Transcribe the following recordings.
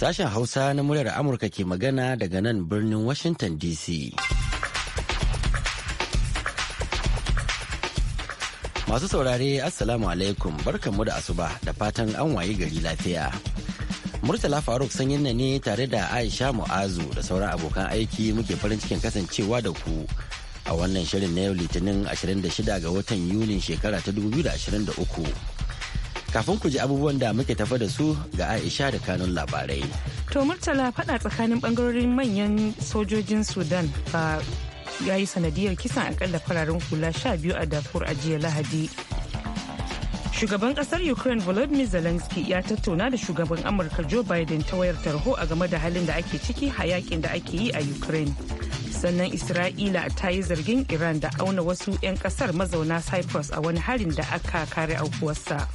Sashen Hausa na muryar Amurka ke magana daga nan birnin Washington DC. Masu saurare Assalamu alaikum barkanmu da asuba da fatan an wayi gari lafiya. Murtala Faruk sanyin ne tare da Aisha Mu'azu da sauran abokan aiki muke farin cikin kasancewa da ku a wannan shirin na yau Litinin 26 ga watan Yunin shekara ta 2023. kafin ku ji abubuwan da muke tafa da su ga aisha da kanun labarai to murtala fada tsakanin bangarorin manyan sojojin sudan ba ya yi sanadiyar kisan akalla fararen hula sha biyu a dafur a jiya lahadi shugaban kasar ukraine volodymyr zelensky ya tattauna da shugaban amurka joe biden ta wayar tarho a game da halin da ake ciki a yakin da ake yi a ukraine sannan isra'ila ta yi zargin iran da auna wasu 'yan kasar mazauna cyprus a wani harin da aka kare aukuwarsa.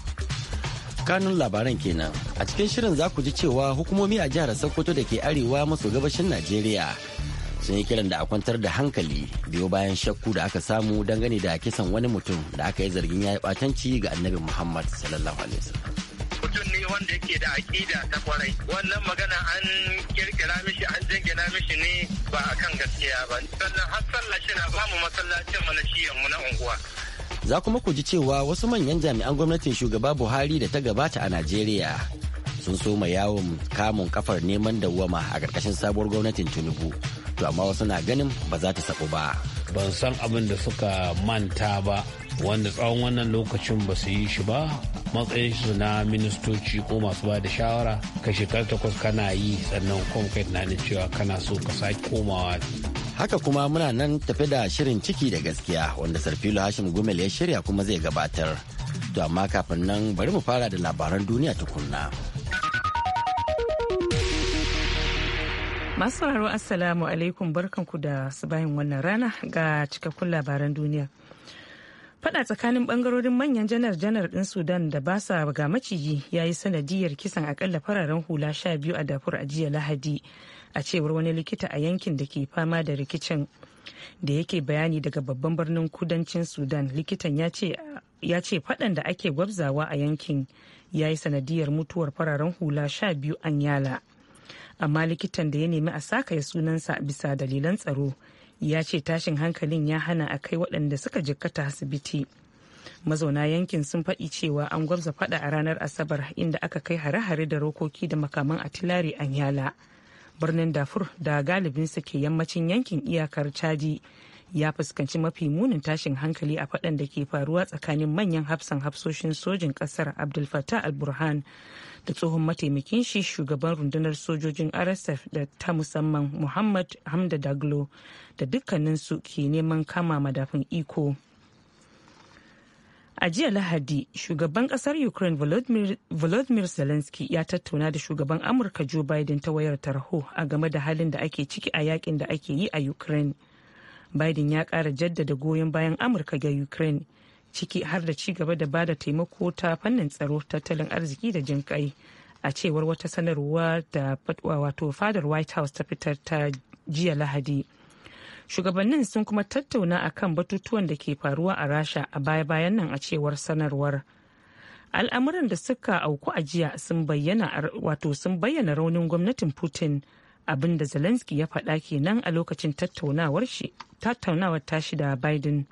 kanun labaran kenan a cikin shirin za ku ji cewa hukumomi a jihar sokoto da ke arewa maso gabashin najeriya sun yi kiran da a kwantar da hankali biyo bayan shakku da aka samu dangane da kisan wani mutum da aka yi zargin ya yi batanci ga annabi muhammad sallallahu alaihi wasallam mutum ne wanda yake da aƙida ta kwarai wannan magana an kirkira mishi an jingina mishi ne ba kan gaskiya ba sannan har sallah shi na bamu masallacin mu na shiyan mu na unguwa za kuma ku ji cewa wasu manyan jami'an gwamnatin shugaba buhari da ta gabata a najeriya sun soma yawon kamun kafar neman dawwama a ƙarƙashin sabuwar gwamnatin tinubu to amma wasu na ganin ba za ta sabu ba ban san abin da suka manta ba wanda tsawon wannan lokacin ba su yi shi ba matsayin su na ministoci ko masu ba da shawara ka shekar takwas kana yi sannan kuma kai tunanin cewa kana so ka sake komawa Haka kuma muna nan tafi da shirin ciki da gaskiya wanda Sarfilo Hashim Gumel ya shirya kuma zai gabatar. To amma kafin nan bari mu fara da labaran duniya tukunna. Masu sauraro Assalamu alaikum barkanku da su bayan wannan rana ga cikakkun labaran duniya. fada tsakanin bangarorin manyan janar-janar din sudan da ba sa ga maciji ya yi sanadiyar kisan akalla fararen hula sha biyu a dafur a jiya lahadi a cewar wani likita a yankin da ke fama da rikicin da yake bayani daga babban birnin kudancin sudan likitan ya ce faɗan da ake gwabzawa a yankin ya yi sanadiyar mutuwar fararen hula sha biyu an yala amma likitan da ya nemi a saka ya sunansa bisa dalilan tsaro ya ce tashin hankalin ya hana a kai waɗanda suka jikkata asibiti mazauna yankin sun faɗi cewa an gwabza faɗa a ranar asabar inda aka kai hare-hare da rokoki da makaman atilari an yala birnin dafur da galibinsa ke yammacin yankin iyakar caji ya fuskanci mafi munin tashin hankali a faɗan da ke faruwa tsakanin manyan hafsan hafsoshin sojin ƙasar abdul fattah al-burhan da tsohon mataimakin shi shugaban rundunar sojojin rsf da ta musamman muhammad hamda daglo da dukkaninsu ke neman kama madafin iko A jiya Lahadi, shugaban kasar Ukraine Volodymyr Zelensky ya tattauna da shugaban Amurka Joe Biden ta wayar tarho a game da halin da ake ciki a yakin da ake yi a Ukraine. Biden ya ƙara jaddada goyon bayan Amurka ga Ukraine, ciki har da ci gaba da bada taimako ta fannin tsaro, tattalin arziki da jinƙai, a cewar wata sanarwa da wato fadar White House ta fitar ta jiya Lahadi. shugabannin sun kuma tattauna a kan batutuwan da ke faruwa a rasha a baya-bayan nan a cewar sanarwar al'amuran da suka auku a jiya sun bayyana wato sun bayyana raunin gwamnatin putin abin da zelensky ya faɗa kenan a lokacin tattaunawar tashi da biden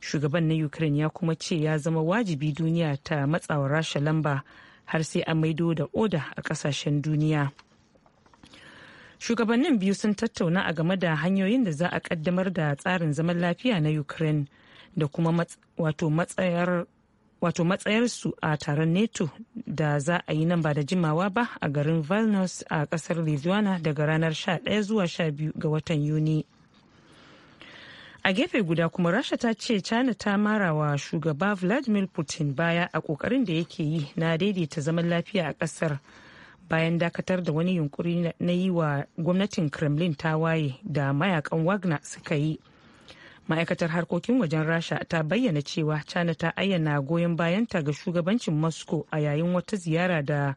shugaban na ukraine ya kuma ce ya zama wajibi duniya ta matsawa rasha lamba har sai a maido da oda a ƙasashen duniya. shugabannin biyu sun tattauna a game da hanyoyin da za a kaddamar da tsarin zaman lafiya na ukraine da kuma wato matsayar su a taron neto da za a yi nan ba da jimawa ba a garin vilnius a kasar lithuania daga ranar 11 zuwa 12 ga watan yuni a gefe guda kuma rasha ta ce china ta mara wa shugaba vladimir putin baya a kokarin da yake yi na daidaita zaman lafiya a kasar bayan dakatar da wani yunkuri na yi wa gwamnatin kremlin waye da mayakan wagner suka yi ma'aikatar harkokin wajen rasha ta bayyana cewa china ta ayyana goyon bayanta ga shugabancin moscow a yayin wata ziyara da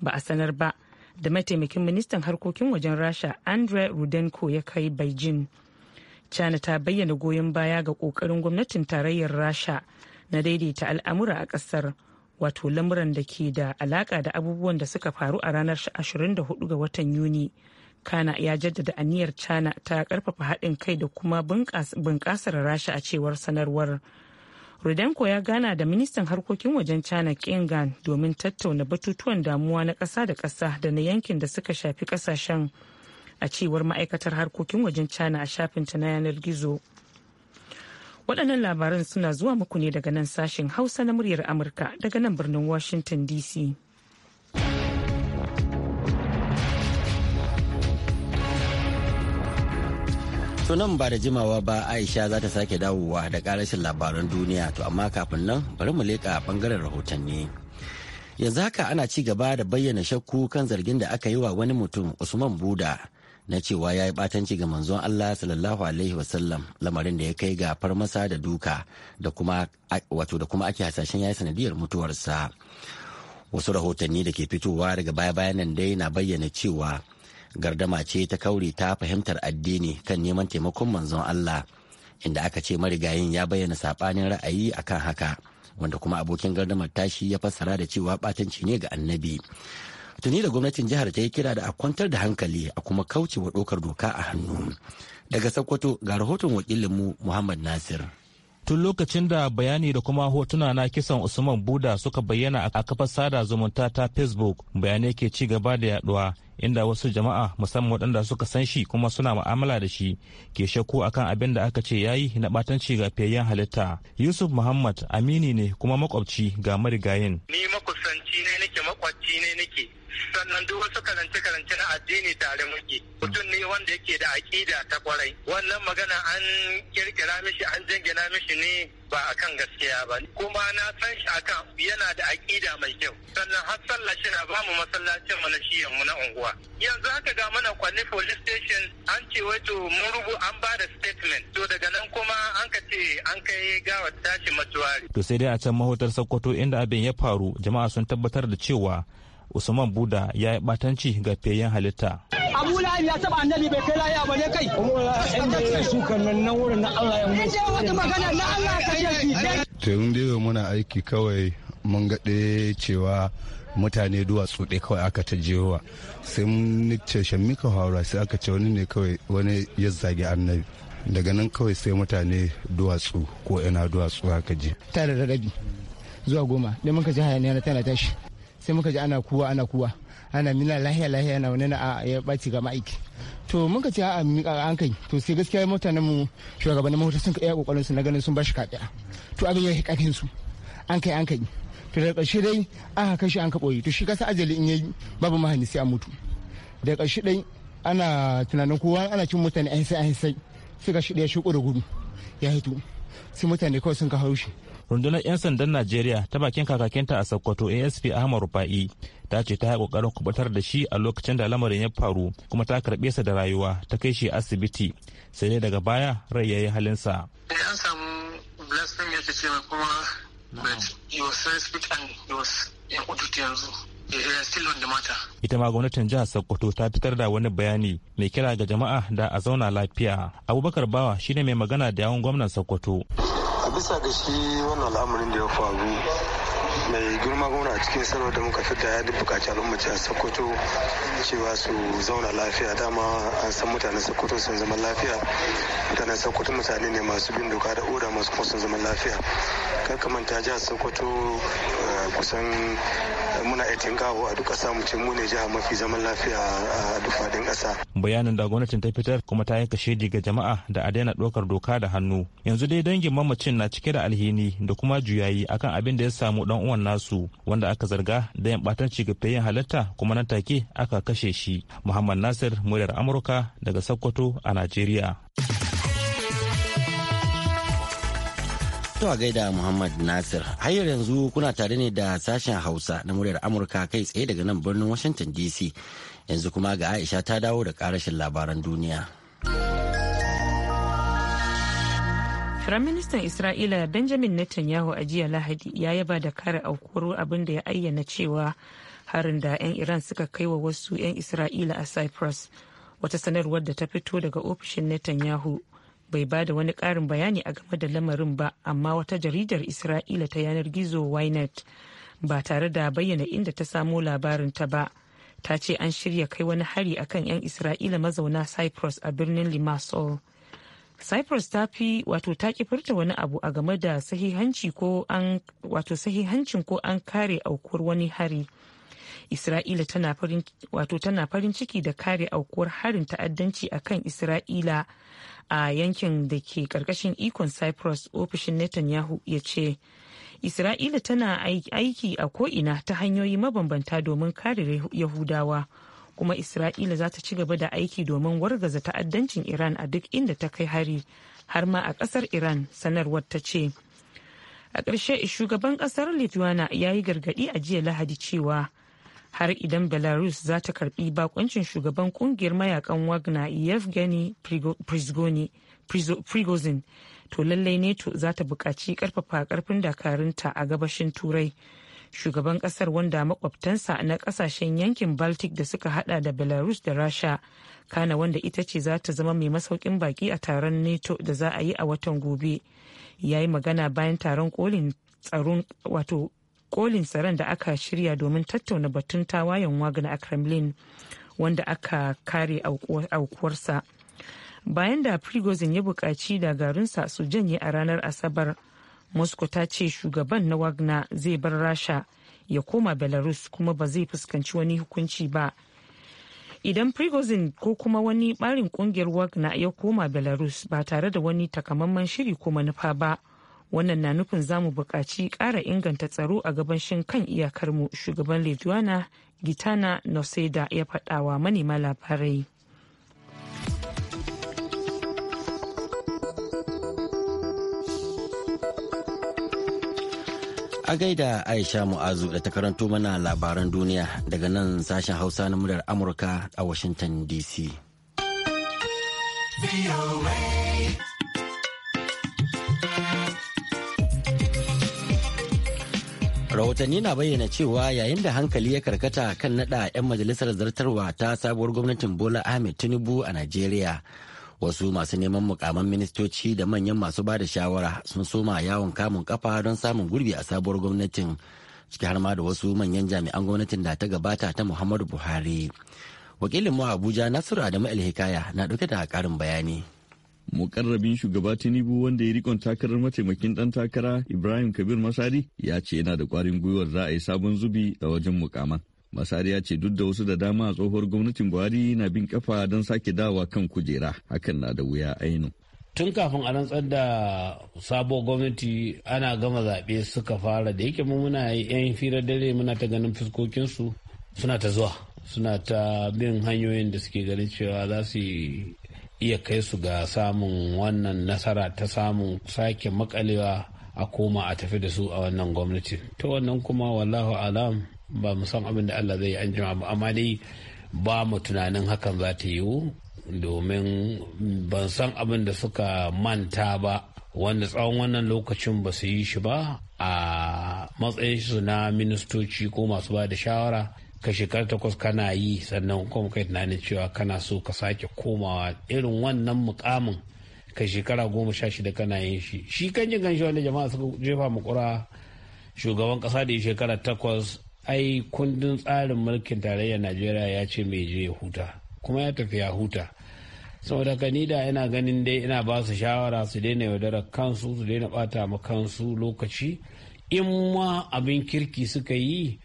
ba a sanar ba da mataimakin ministan harkokin wajen rasha andre rudenko ya kai beijing china ta bayyana goyon baya ga kokarin gwamnatin tarayyar rasha na daidaita al'amura a kasar wato lamuran da ke da alaka da abubuwan da suka faru a ranar 24 ga watan yuni kana ya jaddada aniyar china ta karfafa haɗin kai da kuma bunƙasar rasha a cewar sanarwar rudenko ya gana da ministan harkokin wajen china kingan domin tattauna batutuwan damuwa na ƙasa da ƙasa da na yankin da suka shafi ƙasashen a cewar ma'aikatar harkokin wajen china a shafinta na yanar gizo waɗannan labaran suna zuwa muku ne daga nan sashen hausa na muryar amurka daga nan birnin washington dc To nan ba da jimawa ba Aisha za ta sake dawowa da ƙarashin labaran duniya to amma kafin nan bari mu leƙa bangaren rahotanni. Yanzu haka ana ci gaba da bayyana shakku kan zargin da aka yi wa wani mutum Usman Buda na cewa ya yi batanci ga manzon Allah sallallahu alaihi wasallam lamarin da ya kai ga farmasa da duka da kuma wato da kuma ake hasashen ya yi sanadiyar mutuwarsa wasu rahotanni da ke fitowa daga baya bayan nan dai na bayyana cewa gardama ce ta kauri ta fahimtar addini kan neman taimakon manzon Allah inda aka ce marigayin ya bayyana saɓanin ra'ayi akan haka wanda kuma abokin gardamar tashi ya fassara da cewa batanci ne ga annabi tuni da gwamnatin jihar ta yi kira da a kwantar da hankali a kuma wa dokar doka a hannu daga sokoto ga rahoton wakilinmu muhammad nasir tun lokacin da bayani da kuma hotuna na kisan usman buda suka bayyana a kafar sada zumunta ta facebook bayanai ke ci gaba da yaduwa inda wasu jama'a musamman waɗanda suka san shi kuma suna ma'amala da shi ke shakku akan abin da aka ce yayi na ɓatanci ga fiyayyen halitta yusuf muhammad amini ne kuma makwabci ga marigayin ni makusanci ne nake makwabci ne nake sannan duk wasu karance-karance na addini tare muke mutum ne wanda yake da aƙida ta kwarai wannan magana an kirkira mishi an jingina mishi ne ba a kan gaskiya ba kuma na san shi akan yana da aƙida mai kyau sannan har sallah shi na bamu masallacin mu na shiyan na unguwa yanzu haka ga mana kwanne police station an ce to mun rubu an ba da statement to daga nan kuma an ka ce an kai gawar tashi matuwari to sai dai a can mahotar sokoto inda abin ya faru jama'a sun tabbatar da cewa usman buda ya yi batanci ga fiyayyen halitta abu lahim ya taɓa annabi bai kai lafiya ba ne kai inda ya suka nan nan wurin na allah ya mutu wata magana na allah ka je shi to dai muna aiki kawai mun gaɗe cewa mutane duwatsu ɗaya kawai aka ta jewa sai mun ce shammika haura sai aka ce wani ne kawai wani ya zage annabi daga nan kawai sai mutane duwatsu ko ina duwatsu aka je tare da rabi zuwa goma da muka ji hayaniya na tana tashi sai muka ji ana kuwa ana kuwa ana mina lahiya lahiya na wani na ya ɓaci ga ma'aiki to muka ce a miƙa an kai to sai gaskiya mutanen mu shugabannin mahota sun iya kokarin su na ganin sun bashi kafiya to abin ya kafin su an kai an kai to daga ƙarshe dai aka kai shi an ka ɓoye to shi kasa ajali in yayi babu mahani sai a mutu daga ƙarshe dai ana tunanin kowa ana cin mutane an sai an sai sai ga shi ɗaya shi da gudu ya hito sai mutane kawai sun ka haushi rundunar 'yan sandan najeriya ta bakin kakakinta a sokoto asp ahmad rufa'i ta ce ta yi kokarin kubutar da shi a lokacin da lamarin ya faru kuma ta karbe sa da rayuwa ta kai shi asibiti sai dai daga baya rai ya yi halinsa eh, an samu blasphemy ce mai kuma but yanzu eh, eh, Ita ma gwamnatin jihar Sokoto ta fitar da wani bayani mai kira ga jama'a da a zauna lafiya. Abubakar Bawa shine mai magana da yawun gwamnan Sokoto. bisa ga shi wannan al'amarin da ya faru mai girma gwamna a cikin sarwa da muka fita ya bukaci al'ummaci a sokoto cewa su zauna lafiya dama an san mutanen sokoto sun zama lafiya mutanen sokoto mutane ne masu bin doka da oda masu kuma sun zama lafiya kar ka manta jihar sokoto eh, kusan muna etin kawo a duka samu ce mu ne jiha mafi zaman lafiya a duk faɗin ƙasa. bayanin da gwamnatin ta fitar kuma ta yi kashedi ga jama'a da a daina ɗaukar doka da hannu yanzu dai dangin mamacin na cike da alhini da kuma juyayi akan abin da ya samu dan uwan nasu wanda aka zarga da yan ɓatanci ga fayin halatta kuma nan take aka kashe shi muhammad nasir muryar amurka daga sokoto a najeriya. To gaida Muhammad Nasir. hayar yanzu kuna tare ne da sashen Hausa na muryar Amurka kai tsaye daga nan birnin Washington DC. Yanzu kuma ga Aisha ta dawo da karashin labaran duniya. Firaministan Isra'ila Benjamin Netanyahu a jiya Lahadi ya yaba da kare aukuwar abin da ya ayyana cewa harin da 'yan Iran suka kai wa wasu 'yan Isra'ila a Cyprus. Wata sanarwar da ta fito daga ofishin Netanyahu bai ba da wani ƙarin bayani a game da lamarin ba amma wata jaridar isra'ila ta yanar gizo ynet ba tare da bayyana inda ta samo labarin ta ba ta ce an shirya kai wani hari a kan 'yan isra'ila mazauna cyprus a birnin limassol cyprus ta fi wato ta kifirta wani abu a game da wato sahihancin ko an kare aukuwar wani hari Isra'ila tana farin wato tana farin ciki da kare aukuwar harin ta'addanci kan Isra'ila a yankin da ke karkashin ikon Cyprus ofishin Netanyahu ya ce Isra'ila tana aiki a ko'ina ta hanyoyi mabambanta domin kare Yahudawa kuma Isra'ila za ta ci gaba da aiki domin wargaza ta'addancin Iran a duk inda ta kai hari har ma a kasar Iran sanarwar ta ce. a ƙarshe shugaban ƙasar lithuania ya yi gargaɗi a jiya lahadi cewa har idan belarus za ta karbi bakoncin shugaban kungiyar mayakan wagner yevgeny prigozhin to lallai neto za ta buƙaci karfafa ƙarfin dakarunta a gabashin turai shugaban ƙasar wanda makwabtansa na kasashen yankin baltic da suka hada da belarus da rasha kana wanda ita ce za ta zama mai masaukin baki a taron neto da za a yi a watan gobe ya yi magana bayan taron kolin tsaron wato kolin tsaron da aka shirya domin tattauna batun tawayen wagner a kremlin wanda aka kare aukuwarsa bayan da prigozin ya buƙaci garinsa su janye a ranar asabar moscow ta ce shugaban na wagner zai bar rasha ya koma belarus kuma ba zai fuskanci wani hukunci ba idan prigozin ko kuma wani barin kungiyar wagner ya koma belarus ba tare da wani takamaiman shiri ko manufa ba wannan na nufin za mu buƙaci ƙara inganta tsaro a gaban shin kan iyakarmu shugaban lithuania gitana noseda ya faɗawa manema labarai a gaida aisha mu'azu da ta karanto mana labaran duniya daga nan sashen hausa na muryar amurka a washington dc rahotanni na bayyana cewa yayin da hankali ya karkata kan nada 'yan majalisar zartarwa ta sabuwar gwamnatin bola ahmed tinubu a najeriya wasu masu neman mukaman ministoci da manyan masu ba da shawara sun soma yawon kamun kafa don samun gurbi a sabuwar gwamnatin ciki har ma da wasu manyan jami'an gwamnatin da ta gabata ta muhammadu buhari wakilin mu abuja nasiru adamu alhikaya na dauke da karin bayani mukarrabin shugaba tinubu wanda ya rikon takarar mataimakin dan takara ibrahim kabir masari ya ce yana da kwarin gwiwar za a yi sabon zubi a wajen mukaman masari ya ce duk da wasu da dama a tsohuwar gwamnatin buhari na bin kafa don sake dawa kan kujera hakan na da wuya ainu tun kafin a rantsar da sabo gwamnati ana gama zaɓe suka fara da yake muna yan firar dare muna ta ganin fuskokinsu suna ta zuwa suna ta bin hanyoyin da suke ganin cewa za su iya kai su ga samun wannan nasara ta samun sake makalewa a koma a tafi da su a wannan gwamnati ta wannan kuma wallahu alam ba mu san abin da allah zai yi an jima ba amma dai ba mu tunanin hakan za ta yiwu domin ban san abin da suka manta ba wanda tsawon wannan lokacin ba su yi shi ba a matsayin su na ministoci ko masu ba da shawara ka shekara takwas kana yi sannan kuma kai tunanin cewa kana so ka sake komawa irin wannan mukamin ka shekara goma sha shida kana yin shi shi kan jin ganshi wanda jama'a suka jefa makura shugaban kasa da ya shekara takwas ai kundin tsarin mulkin tarayyar najeriya ya ce mai je ya huta kuma ya tafi ya huta saboda ka ni da ina ganin dai ina ba su shawara su daina yaudarar kansu su daina bata ma kansu lokaci in ma abin kirki suka yi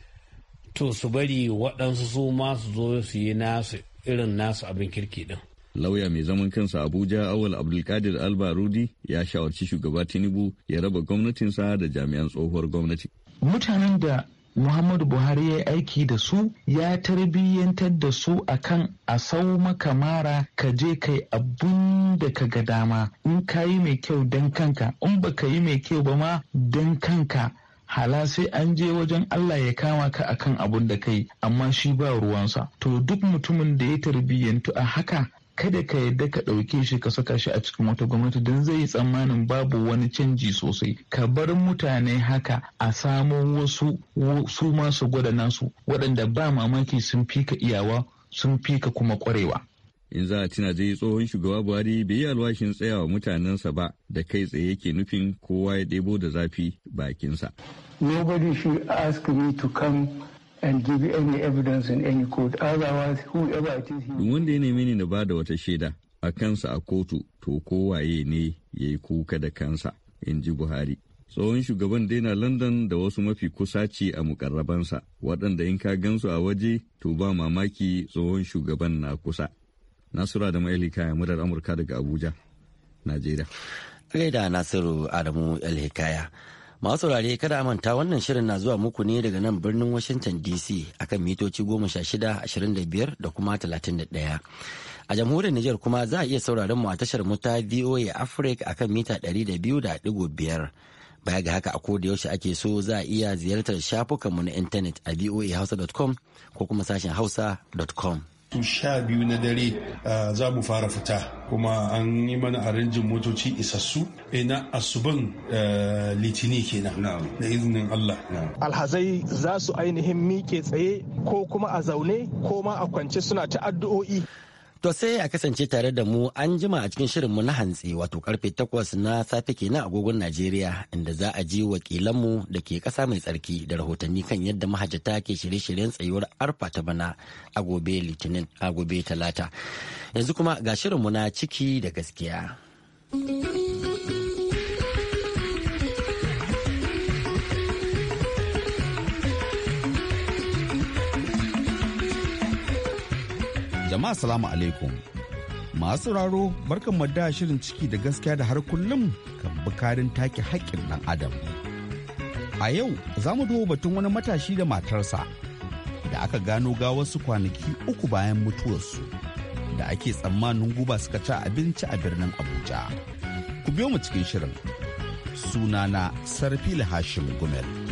to su bari waɗansu su ma su zo su yi nasu irin nasu abin kirki ɗin. Lauya mai zaman kansa Abuja Awal Abdulkadir Alba Rudi ya shawarci shugaba Tinubu ya raba gwamnatinsa da jami'an tsohuwar gwamnati. Mutanen da Muhammadu Buhari ya aiki da su ya tarbiyyantar da su akan a sau maka mara ka je kai abun da ka ga dama in ka yi mai kyau don kanka in ba ka yi mai kyau ba ma don kanka hala sai an je wajen Allah ya kama ka akan abun da kai amma shi ba ruwansa to duk mutumin da ya tarbiyyantu a haka kada ka yadda ka ɗauke shi ka saka shi a cikin wata gwamnati don zai yi tsammanin babu wani canji sosai ka bar mutane haka a samo wasu su masu gwada nasu waɗanda ba mamaki sun fi ka iyawa sun fi ka kuma ƙwarewa in za a tuna dai tsohon shugaba buhari bai yi alwashin tsayawa mutanensa ba da kai tsaye yake nufin kowa ya ɗebo da zafi bakinsa. nobody should ask me to come and give any evidence in any court otherwise whoever it is duk wanda ya neme ni na bada wata shaida a kansa a kotu to kowaye ne ya yi kuka da kansa in ji buhari tsohon shugaban daina london da wasu mafi kusa ce a mukarrabansa waɗanda in ka gansu a waje to ba mamaki tsohon shugaban na kusa Nasiru da Maili murar Amurka daga Abuja, Najeriya. Gaida Nasiru Adamu Alhikaya. Masu saurare kada manta wannan shirin na zuwa muku ne daga nan birnin Washington DC akan mitoci 16, 25 da kuma 31. a jamhuriyar Nijar kuma za a iya sauraron mu a tashar muta VOA Africa akan mita 200.5 baya ga haka a da yaushe ake so za a iya ziyartar shafukanmu na intanet a voahausa.com ko kuma sashen hausa.com sha biyu na dare za mu fara fita kuma an yi mana arinjin motoci isassu ina eh, asuban litini kenan na izinin Allah. Alhazai za su ainihin miƙe tsaye ko kuma a zaune ko ma a kwance suna ta addu'o'i. To sai a kasance tare da mu an jima a cikin shirinmu na hantsi wato karfe takwas na safe kenan agogon Najeriya inda za a ji wakilanmu da ke kasa mai tsarki da rahotanni kan yadda mahajjata ke shirye-shiryen tsayuwar arfa ta bana a gobe litinin a gobe talata. Yanzu kuma ga shirinmu na ciki da gaskiya. Jama'a salamu alaikum. Masu raro barkan mu da shirin ciki da gaskiya da har kullum kan bukarin take haƙƙin ɗan adam. A yau za mu duba batun wani matashi da matarsa da aka gano ga wasu kwanaki uku bayan mutuwarsu da ake tsammanin guba suka ci abinci a birnin Abuja. Ku biyo mu cikin shirin. Sunana sarfili Hashim Gumel.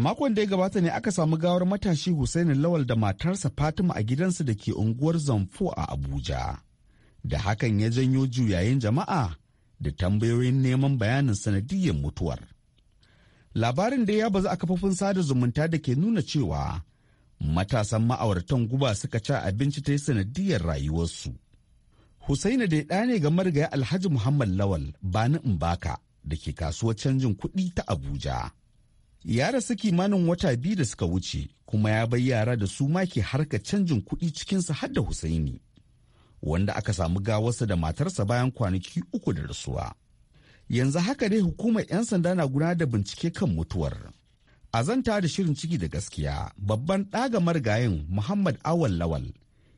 makon da ya gabata ne aka samu gawar matashi Hussaini Lawal da matarsa Fatima a gidansu da ke unguwar Zamfo a Abuja. Da hakan ya janyo juyayin jama'a da tambayoyin neman bayanin sanadiyyar mutuwar. Labarin da ya bazu a kafofin sada zumunta da ke nuna cewa matasan ma'auratan guba suka ci abinci ta yi sanadiyyar rayuwarsu. Husaina da ɗa ne ga marigaya Alhaji Muhammad Lawal Bani Mbaka da ke kasuwar canjin kuɗi ta Abuja. ya rasu kimanin wata biyu da suka wuce kuma ya bai yara da su ma ke harka canjin kuɗi cikinsa har da Husaini wanda aka samu gawarsa da matarsa bayan kwanaki uku da rasuwa. Yanzu haka dai hukumar 'yan sanda na gudanar da bincike kan mutuwar. Azanta da shirin ciki da gaskiya babban ɗaga marigayin Muhammad Awal Lawal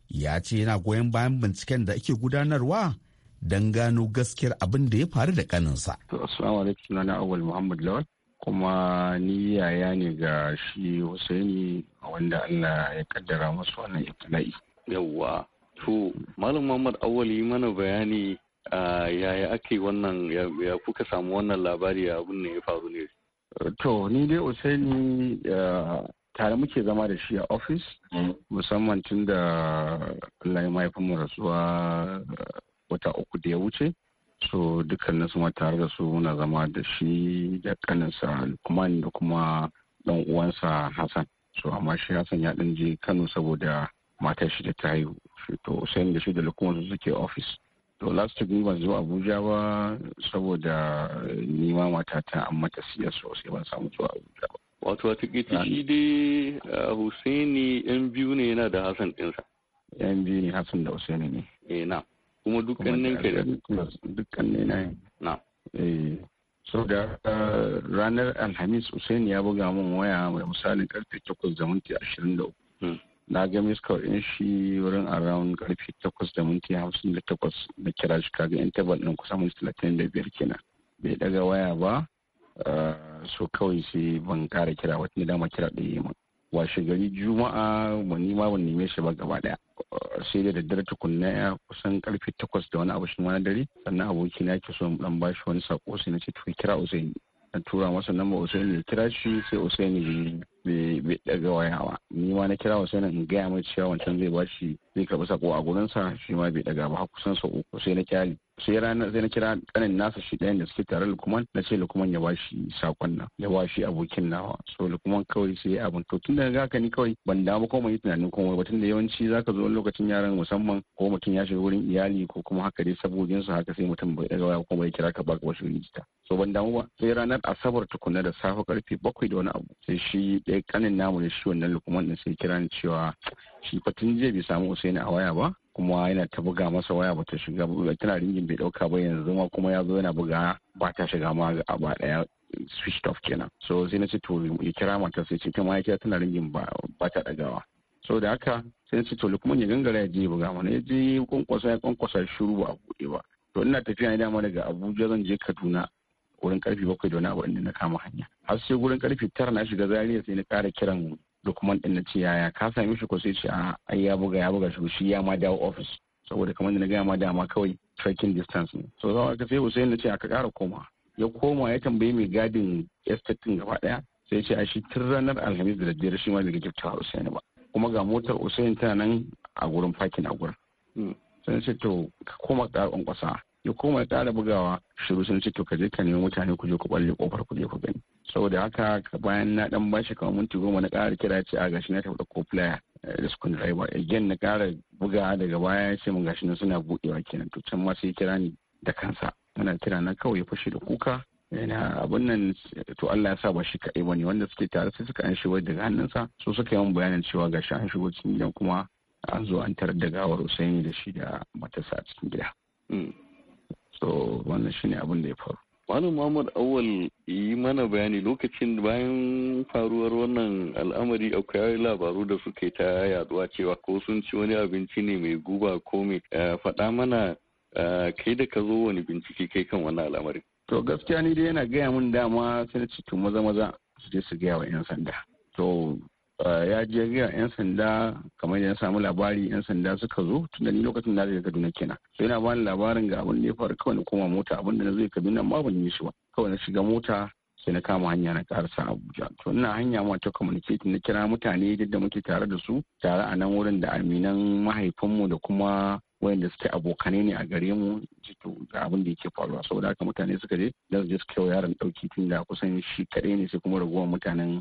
ya ce yana goyon bayan binciken da ake gudanarwa don gano gaskiyar abin da ya faru da kaninsa. kuma ni yaya ne ga shi Husaini wanda Allah ya kaddara masu wannan ibtila'i. Yawwa. To, Malam Muhammad Awali mana bayani yaya ake wannan ya kuka samu wannan labari abin da ya faru ne. To, ni dai Husaini tare muke zama da shi a ofis mm-hmm. musamman tun da Allah ya mahaifinmu rasuwa wata uku da ya wuce. so dukkanin su tare da su muna zama da shi da kaninsa lukman da kuma dan uwansa hassan so amma shi hassan ya dan je kano saboda matar shi da ta haihu to sai da shi da lukman su suke office to last week ban zo abuja ba saboda nima matata an mata siya sosai ban samu zuwa abuja ba wato a tikiti shi dai uh, husaini yan biyu ne yana da hassan dinsa yan biyu ne hassan da husaini ne eh kuma dukkanin ka da dukkanin na na so da ranar alhamis usaini ya buga min waya mai misalin karfe takwas da minti ashirin da uku hmm. na ga miskar in shi wurin around karfe takwas da minti hamsin da takwas na kira shi kaga interval din kusan minti talatin da biyar kenan bai daga waya ba ah, so kawai sai ban kara kira wata dama kira da yi min washe gari juma'a wani ma ban neme shi ba gaba daya sai da daddare tukunna ya kusan karfe takwas da wani abu shi wani dare sannan aboki na ke so dan bashi wani sako sai na ce to kira usaini na tura masa nan ba usaini ya kira shi sai usaini bai daga wayawa ni ma na kira usaini in gaya mai cewa wancan zai bashi zai karɓi sako a gurinsa shi ma bai daga ba kusan sau uku sai na kyali sai ranar sai na kira kanin nasa shi ɗayan da suke tare lukman na ce lukman ya bashi sakon nan ya bashi abokin nawa so lukman kawai sai abin to tun daga haka ni kawai ban damu ko mai tunanin komai ba da yawanci zaka zo lokacin yaran musamman ko mutum ya shiga wurin iyali ko kuma haka dai sabogin su haka sai mutum bai daga waya ko mai kira ka baka wasu rijista so ban damu ba sai ranar asabar tukunna da safe karfe bakwai da wani abu sai shi ɗaya kanin namu da shi wannan lukman din sai kira ni cewa shi fatin jiya bai samu Usaini a waya ba kuma yana ta buga masa waya ba ta shiga tana ringin bai dauka ba yanzu ma kuma ya zo yana buga ba ta shiga ma gaba daya switch off kenan so sai na ce to ya kira mata sai ce ta ma ya kira tana ringin ba ta dagawa so da haka sai na ce to kuma ya gangara ya je buga mana ya je kwankwasa ya kwankwasa shiru ba a buɗe ba to ina tafiya ne dama daga abuja zan je kaduna wurin karfi bakwai da wani abu inda na kama hanya har sai wurin karfe tara na shiga zaria sai na kara kiran dokuman din na ce yaya ka sami shi ko sai ce a ya buga ya buga shi shi ya ma dawo ofis saboda kamar da na gaya ma dama kawai tracking distance ne so za ka sai Hussein na ce aka kara koma ya koma ya tambaye mai gadin estate gaba daya sai ce a shi tun ranar alhamis da daddare shi ma gaji ta Hussein ba kuma ga motar Hussein tana nan a gurin parking a gurin hmm. sai ce to ka koma ka kwankwasa ya koma ya kara bugawa shiru sun ce to ka je ka nemi mutane ku je ku balle kofar ku je ku gani saboda haka bayan na dan bashi kamar minti goma na ƙara kira ce a gashi na tafi eh, da flyer da kun raiwa again na kara buga daga baya ya ce mun gashi na suna buɗewa kenan to can ma sai kira ni da kansa Muna kira na kawai ya fashe da kuka yana abin nan to Allah ya sa ba shi kaɗai ba ne wanda suke tare sai suka an shigo daga hannunsa so suka yi bayanin cewa gashi an shigo cikin gidan kuma an zo an tarar da gawar Usaini da shi da matasa cikin gida. Hmm. so wannan shine abin da ya faru Malam Muhammad Awal yi mana bayani lokacin bayan faruwar wannan al'amari akwai labaru da suka ta yaduwa cewa ko sun ci wani abinci ne mai guba ko mai eh, faɗa mana eh, kai da ka zo wani bincike kai kan wannan al'amari. To gaskiya ni dai yana gaya min dama sai na cikin maza maza su je su gaya wa 'yan sanda. To Eh, ya je ga yan sanda kamar ya samu labari yan sanda suka zo tun da ni lokacin da zai Kaduna kenan sai na bani labarin ga abin da ya faru kawai na koma mota abin da na zai Kaduna ma ban yi shi ba kawai na shiga mota sai na kama hanya na karasa Abuja to ina hanya ma ta communicating na kira mutane da muke tare da su tare a nan wurin da aminan mahaifinmu da kuma wayanda suke abokane ne a gare mu to ga abin da yake faruwa saboda haka mutane suka je da su je su kai yaron dauki tun da kusan shi kadai ne sai kuma ragowar mutanen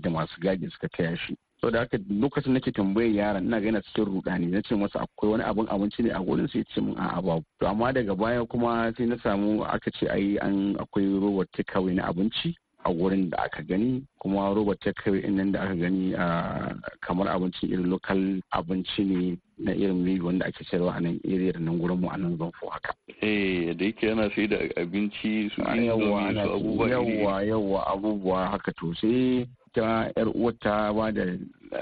da masu gadi suka taya shi saboda da haka lokacin nake tambayar yaron, ina gaina cikin rudani na ce masa akwai wani abin abinci ne a gurin sai ce min a'a babu to amma daga baya kuma sai na samu aka ce ai an akwai robot kawai na abinci a wurin da aka gani kuma robot takeaway din nan da aka gani kamar abincin irin lokal abinci ne na irin mai wanda ake sayarwa a nan area da nan gurin mu a nan zanfo haka eh da yake yana sai da abinci su yawa yawa yawa abubuwa haka to sai ta yar uwata ba da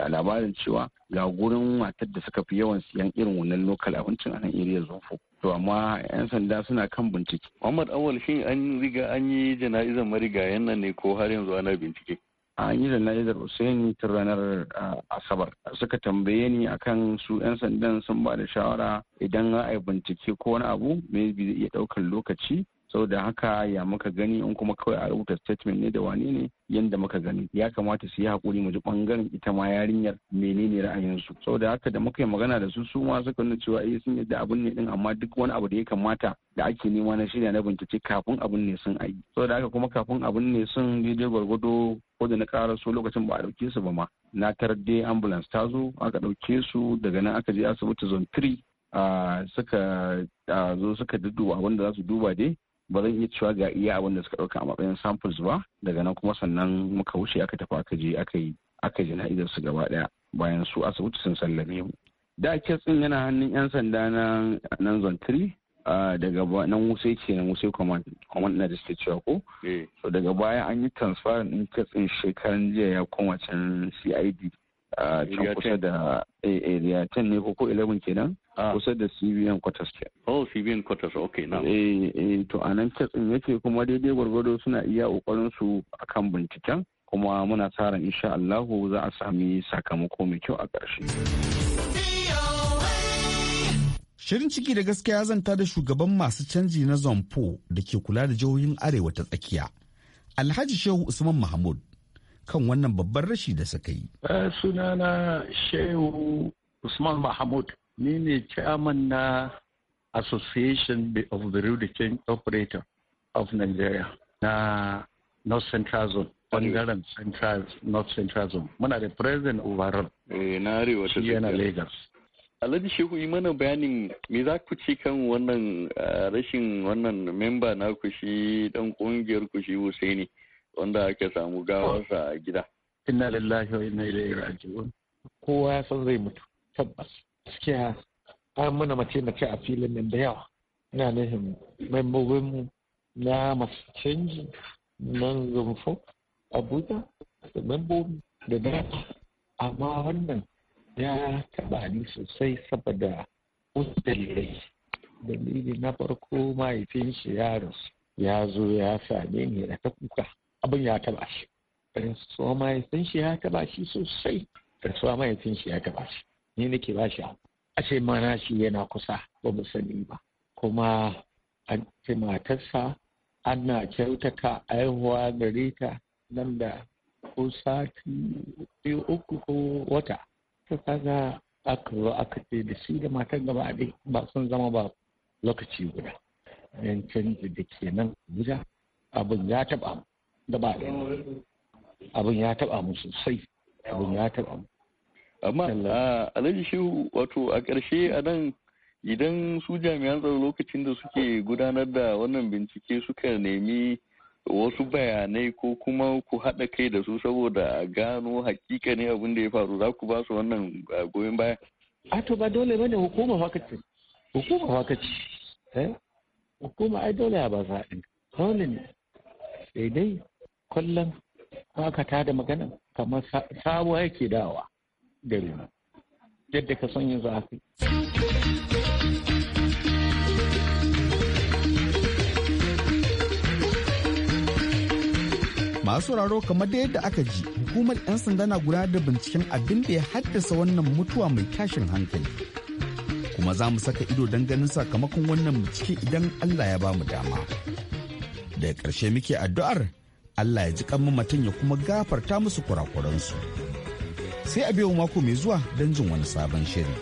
labarin cewa ga gurin matar da suka fi yawan siyan irin wannan lokal abincin a nan iriyar zunfo to amma 'yan sanda suna kan bincike muhammad awal shin an riga an yi jana'izar marigayen nan ne ko har yanzu ana bincike an yi jana'izar Usaini tun ranar Asabar. Suka tambaye ni akan su 'yan sandan sun ba da shawara idan za a bincike ko wani abu, maybe zai iya ɗaukar lokaci saboda haka ya muka gani in kuma kawai a rubuta statement ne da wane ne yanda muka gani ya kamata su yi hakuri mu ji bangaren ita ma yarinyar menene ra'ayinsu saboda haka da muka yi magana da su su ma suka nuna cewa eh sun yadda abun ne din amma duk wani abu da ya kamata da ake nema na shirya na bincike kafin abun ne sun ayi saboda haka kuma kafin abun ne sun daidai gwargwado ko da na ƙara so lokacin ba a ɗauke su ba ma na tarar dai ambulance ta zo aka ɗauke su daga nan aka je asibiti zone 3 ah, suka ah, zo suka duduba abin da za su duba dai ba zan iya cewa ga iya abin da suka ɗauka a matsayin samples ba daga nan kuma sannan muka wuce aka tafi aka je aka yi aka ji na'izar su gaba ɗaya bayan su asibiti sun sallame mu da tsin yana hannun yan sanda na nan zontiri daga nan wuse ce nan wuse command na da cewa ko eh. so daga baya an yi transfer din kitsin shekaran jiya ya koma can cid can kusa da eh, area 10 ne ko 11 kenan Ah. kusa da cbn quarters ke oh cbn quarters ok na eh eh to anan kitsin yake kuma daidai gwargwado suna iya ƙoƙarin su akan binciken kuma muna sa ran insha Allahu za a sami sakamako mai kyau a ƙarshe Shirin ciki da gaskiya zanta da shugaban masu canji na Zonfo da ke kula da jihohin Arewa ta tsakiya. Alhaji Shehu Usman Mahmud kan wannan babban rashi da suka yi. Eh, sunana Shehu Usman Mahmud ni ne chairman na Association of the Rude Chain Operator of Nigeria na North Central Zone. Bangaren Central North Central Zone. Muna da president overall. Eh, na arewa Lagos. Alhaji Shehu yi mana bayanin me za ku ci kan wannan eh, rashin wannan memba na ku shi dan kungiyar ku shi Husaini wanda aka samu gawarsa a gida. Inna lillahi wa inna ilaihi raji'un. Kowa ya san zai mutu tabbas. gaskiya an muna mace mace a filin nan da yawa ina nufin membobinmu na masu canji nan rumfo abuja da membobi da dama amma wannan ya taba ni sosai saboda wasu dalilai dalili na farko mahaifin shi ya rasu ya zo ya same ni da ta kuka abin ya taba shi suwa mahaifin shi ya taba shi sosai suwa mahaifin shi ya taba shi ni nake ba shi abu a ce mana shi yana kusa ba mu sani ba kuma an ce matarsa ana kyautata aihuwa gare ta nan da ko sati biyu uku ko wata ta kaga aka zo aka ce da shi da matar gaba a ba sun zama ba lokaci guda yan canji da ke nan guda abin ya taba gaba abin ya taba mu sosai abin ya taba mu amma alhaji shi wato a ƙarshe a nan idan su jami'an tsaro lokacin da suke gudanar da wannan bincike suka nemi wasu bayanai ko kuma ku haɗa kai da su saboda a gano hakika ne abin da ya faru za ku ba su wannan goyon baya a to ba dole bane hukuma haka ce hukuma haka ce eh hukuma ai dole ba za a dole ne sai dai kullum haka ta da magana kamar sabuwa yake dawa gare mu yadda ka son masu sauraro kamar da yadda aka ji hukumar 'yan sanda na gudanar da binciken abin da ya haddasa wannan mutuwa mai tashin hankali kuma za mu saka ido don ganin sakamakon wannan bincike idan allah ya ba mu dama daga ƙarshe muke addu'ar allah ya ji kan mutum ya kuma gafarta musu kurakuransu sai a biyo mako mai zuwa don jin wani sabon shiri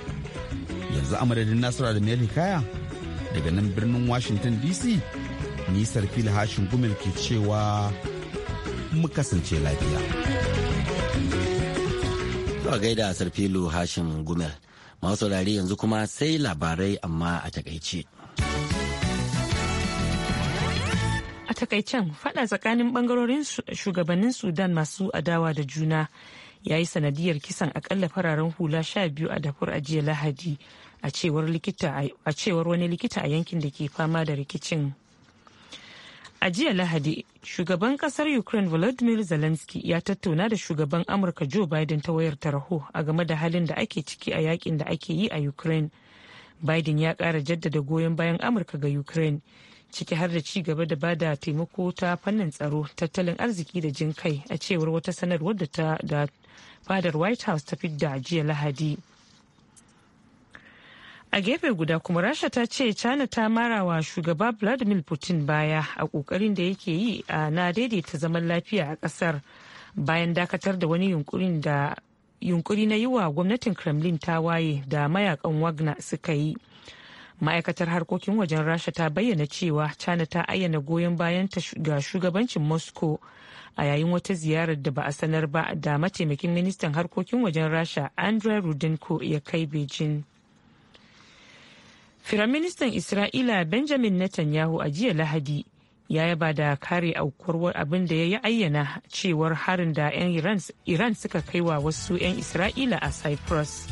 yanzu a madadin nasara da mai hikaya daga nan birnin washington dc nisar fil hashin gumel ke cewa mu kasance lafiya zuwa gaida sarfilu hashin gumel masu saurari yanzu kuma sai labarai amma a takaice a takaicen fada tsakanin bangarorin shugabannin sudan masu adawa da juna ya yi sanadiyar kisan akalla fararen hula sha biyu a dafur a jiya lahadi a cewar wani likita a yankin da ke fama da rikicin a jiya lahadi shugaban kasar ukraine volodymyr zelensky ya tattauna da shugaban amurka joe biden ta wayar tarho a game da halin da ake ciki a yakin da ake yi a ukraine biden ya kara jaddada goyon bayan amurka ga ukraine ciki har da ci gaba da bada taimako ta fannin tsaro tattalin arziki da jin kai a cewar wata sanarwar da ta fadar white house ta fidda jiya lahadi a gefe guda kuma rasha ta ce china ta mara wa shugaba vladimir putin baya a kokarin da yake yi a na daidaita zaman lafiya a kasar bayan dakatar da wani yunkurin da yunkuri na yi wa gwamnatin kremlin ta waye da mayakan wagner suka yi ma'aikatar harkokin wajen rasha ta bayyana cewa china ta ayyana goyon bayanta ga shugabancin moscow a yayin wata ziyarar da ba a sanar ba da mataimakin ministan harkokin wajen rasha andrei rudenko ya kai beijing firaministan isra'ila benjamin netanyahu a jiya lahadi ya yaba da kare aukuwar abin da ya yi ayyana cewar harin da 'yan iran suka kai wa wasu 'yan isra'ila a cyprus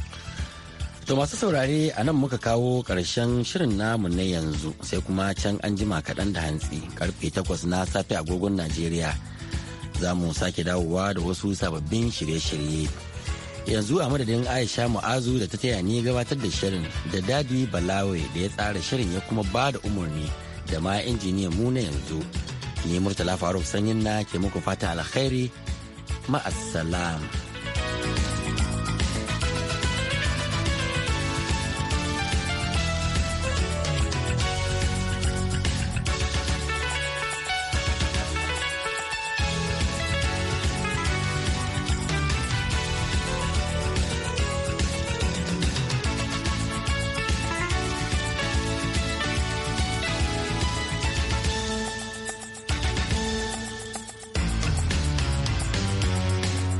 To masu saurare a nan muka kawo ƙarshen shirin namu na yanzu sai kuma can an jima kaɗan da hantsi karfe 8 na safe agogon Najeriya za mu sake dawowa da wasu sababbin shirye-shirye yanzu a madadin aisha mu'azu da ta taya ni gabatar da shirin da dadi balawe da ya tsara shirin ya kuma ba da umarni da ma injiniyan mu na yanzu ni murtala faruk sanyin na ke muku fata alkhairi ma'assalam.